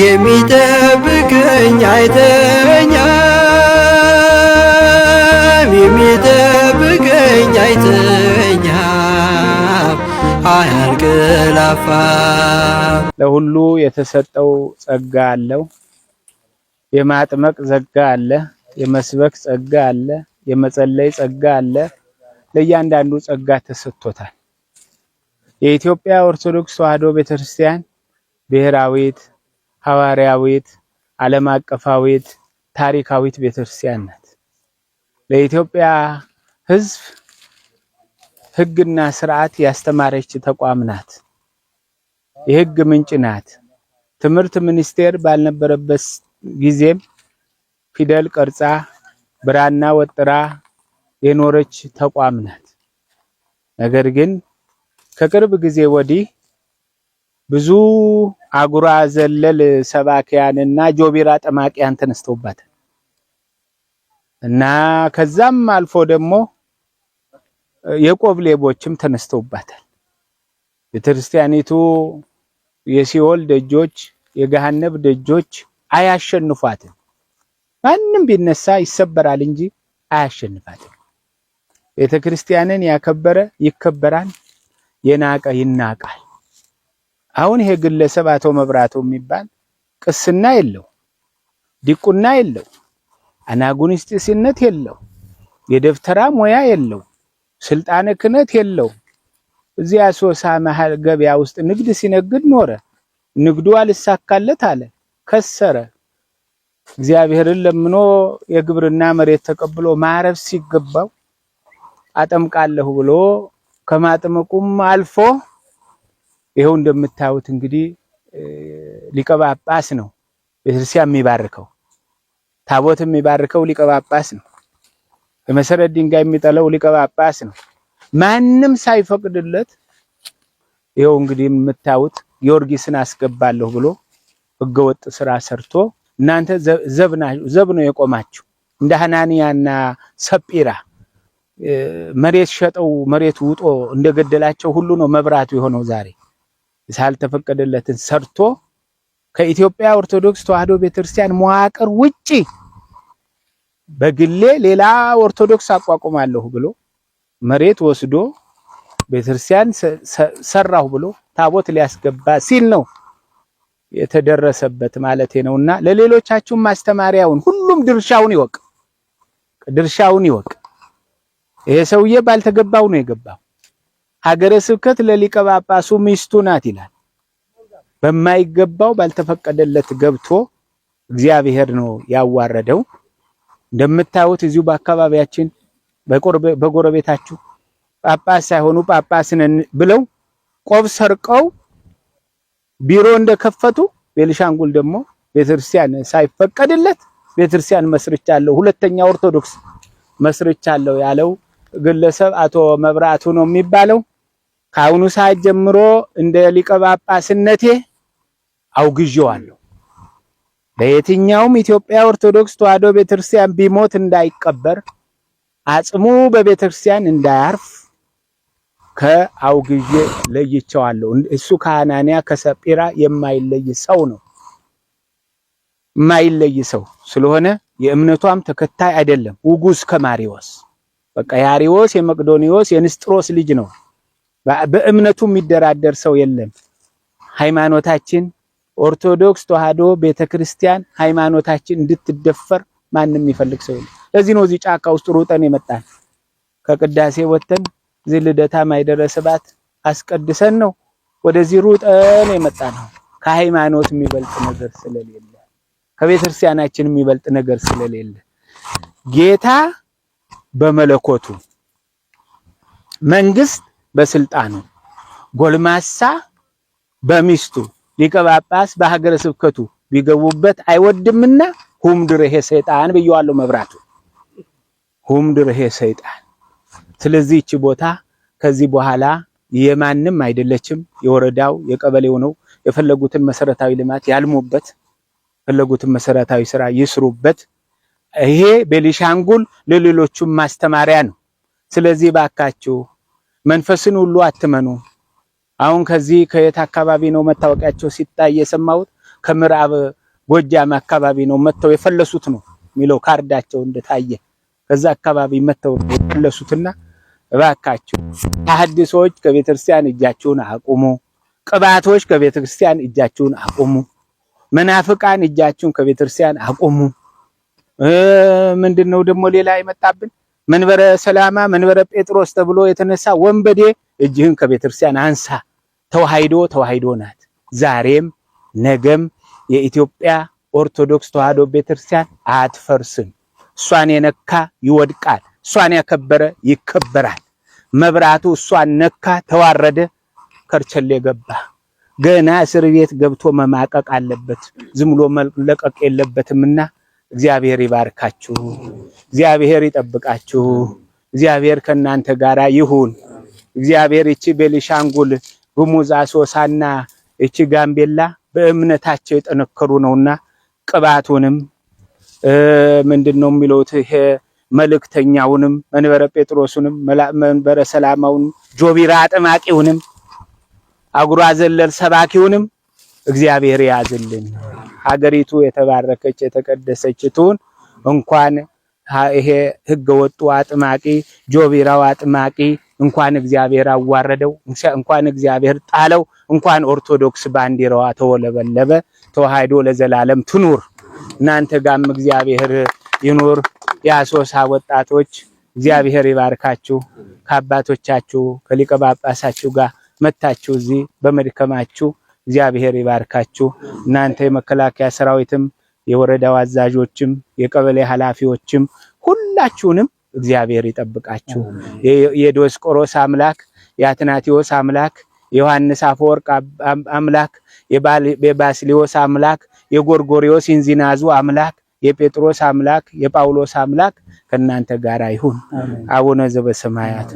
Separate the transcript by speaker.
Speaker 1: የሚጠብቀኝ አይተኛም፣ የሚጠብቀኝ አይተኛም፣ አያንቀላፋም።
Speaker 2: ለሁሉ የተሰጠው ጸጋ አለው። የማጥመቅ ጸጋ አለ፣ የመስበክ ጸጋ አለ፣ የመጸለይ ጸጋ አለ። ለእያንዳንዱ ጸጋ ተሰጥቶታል። የኢትዮጵያ ኦርቶዶክስ ተዋሕዶ ቤተክርስቲያን ብሔራዊት፣ ሐዋርያዊት፣ ዓለም አቀፋዊት፣ ታሪካዊት ቤተክርስቲያን ናት። ለኢትዮጵያ ሕዝብ ሕግና ስርዓት ያስተማረች ተቋም ናት። የሕግ ምንጭ ናት። ትምህርት ሚኒስቴር ባልነበረበት ጊዜም ፊደል ቀርጻ ብራና ወጥራ የኖረች ተቋም ናት። ነገር ግን ከቅርብ ጊዜ ወዲህ ብዙ አጉራ ዘለል ሰባኪያንና ጆቢራ ጠማቂያን ተነስተውባታል እና ከዛም አልፎ ደግሞ የቆብ ሌቦችም ተነስተውባታል። ቤተክርስቲያኒቱ የሲኦል ደጆች የገሃነብ ደጆች አያሸንፏትም። ማንም ቢነሳ ይሰበራል እንጂ አያሸንፋትም። ቤተ ክርስቲያንን ያከበረ ይከበራል፣ የናቀ ይናቃል። አሁን ይሄ ግለሰብ አቶ መብራቱ የሚባል ቅስና የለው፣ ዲቁና የለው፣ አናጉንስጢስነት የለው፣ የደብተራ ሙያ የለው፣ ስልጣነ ክህነት የለው። እዚያ ሶሳ መሃል ገበያ ውስጥ ንግድ ሲነግድ ኖረ። ንግዱ አልሳካለት አለ፣ ከሰረ። እግዚአብሔርን ለምኖ የግብርና መሬት ተቀብሎ ማረፍ ሲገባው አጠምቃለሁ ብሎ ከማጥመቁም አልፎ ይኸው እንደምታዩት እንግዲህ ሊቀ ጳጳስ ነው። ቤተክርስቲያን የሚባርከው ታቦት የሚባርከው ሊቀ ጳጳስ ነው። የመሰረት ድንጋይ የሚጠለው ሊቀ ጳጳስ ነው። ማንም ሳይፈቅድለት ይኸው እንግዲህ የምታዩት ጊዮርጊስን አስገባለሁ ብሎ ህገወጥ ስራ ሰርቶ እናንተ ዘብ ነው የቆማችሁ። እንደ ሐናንያና ሰጲራ መሬት ሸጠው መሬት ውጦ እንደገደላቸው ሁሉ ነው መብራቱ የሆነው ዛሬ ሳልተፈቀደለትን ሰርቶ ከኢትዮጵያ ኦርቶዶክስ ተዋሕዶ ቤተክርስቲያን መዋቅር ውጪ በግሌ ሌላ ኦርቶዶክስ አቋቁማለሁ ብሎ መሬት ወስዶ ቤተክርስቲያን ሰራሁ ብሎ ታቦት ሊያስገባ ሲል ነው የተደረሰበት ማለት ነውና ለሌሎቻችሁም ማስተማሪያውን ሁሉም ድርሻውን ይወቅ፣ ድርሻውን ይወቅ። ይሄ ሰውዬ ባልተገባው ነው የገባው። ሀገረ ስብከት ለሊቀ ጳጳሱ ሚስቱ ናት ይላል። በማይገባው ባልተፈቀደለት ገብቶ እግዚአብሔር ነው ያዋረደው። እንደምታዩት እዚሁ በአካባቢያችን በጎረቤታችሁ ጳጳስ ሳይሆኑ ጳጳስ ብለው ቆብ ሰርቀው ቢሮ እንደከፈቱ ቤልሻንጉል ደግሞ ቤተክርስቲያን ሳይፈቀድለት ቤተክርስቲያን መስርቻለሁ ሁለተኛ ኦርቶዶክስ መስርቻለሁ ያለው ግለሰብ አቶ መብራቱ ነው የሚባለው። ከአሁኑ ሰዓት ጀምሮ እንደ ሊቀ ጳጳስነቴ አውግዤዋለሁ። በየትኛውም ኢትዮጵያ ኦርቶዶክስ ተዋሕዶ ቤተክርስቲያን ቢሞት እንዳይቀበር አጽሙ በቤተክርስቲያን እንዳያርፍ ከአውግዤ ለይቸዋለሁ። እሱ ከአናንያ ከሰጲራ የማይለይ ሰው ነው፣ የማይለይ ሰው ስለሆነ የእምነቷም ተከታይ አይደለም። ውጉዝ ከማሪዎስ በቃ የአሪዎስ የመቅዶኒዎስ የንስጥሮስ ልጅ ነው። በእምነቱ የሚደራደር ሰው የለም። ሃይማኖታችን ኦርቶዶክስ ተዋህዶ ቤተክርስቲያን ሃይማኖታችን እንድትደፈር ማንም የሚፈልግ ሰው የለም። ለዚህ ነው እዚህ ጫካ ውስጥ ሩጠን የመጣን ከቅዳሴ ወተን እዚህ ልደታ ማይደረስባት አስቀድሰን ነው ወደዚህ ሩጠን የመጣ ነው። ከሃይማኖት የሚበልጥ ነገር ስለሌለ፣ ከቤተክርስቲያናችን የሚበልጥ ነገር ስለሌለ ጌታ በመለኮቱ መንግስት በስልጣኑ ጎልማሳ በሚስቱ ሊቀ ጳጳስ በሀገረ ስብከቱ ቢገቡበት አይወድምና ሁምድር ይሄ ሰይጣን ብየዋለሁ። መብራቱ ሁምድር ይሄ ሰይጣን ስለዚህ ይቺ ቦታ ከዚህ በኋላ የማንም አይደለችም። የወረዳው የቀበሌው ነው። የፈለጉትን መሰረታዊ ልማት ያልሙበት፣ የፈለጉትን መሰረታዊ ስራ ይስሩበት። ይሄ ቤኒሻንጉል ለሌሎቹም ማስተማሪያ ነው። ስለዚህ ባካችሁ መንፈስን ሁሉ አትመኑ። አሁን ከዚህ ከየት አካባቢ ነው መታወቂያቸው ሲታይ የሰማሁት ከምዕራብ ጎጃም አካባቢ ነው መጥተው የፈለሱት ነው የሚለው ካርዳቸው እንደታየ ከዛ አካባቢ መጥተው የፈለሱትና እባካችሁ ተሐድሶች ከቤተክርስቲያን እጃችሁን አቁሙ። ቅባቶች ከቤተክርስቲያን እጃችሁን አቁሙ። መናፍቃን እጃችሁን ከቤተክርስቲያን አቁሙ። ምንድን ነው ደግሞ ሌላ ይመጣብን? መንበረ ሰላማ መንበረ ጴጥሮስ ተብሎ የተነሳ ወንበዴ እጅህን ከቤተክርስቲያን አንሳ። ተዋሂዶ ተዋሂዶ ናት። ዛሬም ነገም የኢትዮጵያ ኦርቶዶክስ ተዋሕዶ ቤተክርስቲያን አትፈርስም። እሷን የነካ ይወድቃል። እሷን ያከበረ ይከበራል። መብራቱ እሷን ነካ፣ ተዋረደ፣ ከርቸሌ ገባ። ገና እስር ቤት ገብቶ መማቀቅ አለበት። ዝም ብሎ መለቀቅ የለበትምና እግዚአብሔር ይባርካችሁ፣ እግዚአብሔር ይጠብቃችሁ፣ እግዚአብሔር ከእናንተ ጋር ይሁን። እግዚአብሔር ይቺ ቤሊሻንጉል ጉሙዝ አሶሳና ይቺ ጋምቤላ በእምነታቸው የጠነከሩ ነውና ቅባቱንም ምንድን ነው የሚለውት ይሄ መልእክተኛውንም መንበረ ጴጥሮሱንም መንበረ ሰላማውን ጆቢራ አጥማቂውንም አጉራ ዘለል ሰባኪውንም እግዚአብሔር ያዝልን። ሀገሪቱ የተባረከች የተቀደሰች ትሁን። እንኳን ይሄ ህገ ወጡ አጥማቂ ጆቢራው አጥማቂ እንኳን እግዚአብሔር አዋረደው፣ እንኳን እግዚአብሔር ጣለው፣ እንኳን ኦርቶዶክስ ባንዲራዋ ተወለበለበ። ተዋህዶ ለዘላለም ትኑር። እናንተ ጋም እግዚአብሔር ይኑር። የአሶሳ ወጣቶች እግዚአብሔር ይባርካችሁ። ከአባቶቻችሁ ከሊቀ ጳጳሳችሁ ጋር መታችሁ እዚህ በመድከማችሁ እግዚአብሔር ይባርካችሁ። እናንተ የመከላከያ ሰራዊትም፣ የወረዳው አዛዦችም፣ የቀበሌ ኃላፊዎችም ሁላችሁንም እግዚአብሔር ይጠብቃችሁ። የዲዮስቆሮስ አምላክ የአትናቴዎስ አምላክ የዮሐንስ አፈወርቅ አምላክ የባስሊዮስ አምላክ የጎርጎሪዮስ ኢንዚናዙ አምላክ የጴጥሮስ አምላክ የጳውሎስ አምላክ ከእናንተ ጋር ይሁን። አቡነ ዘበሰማያት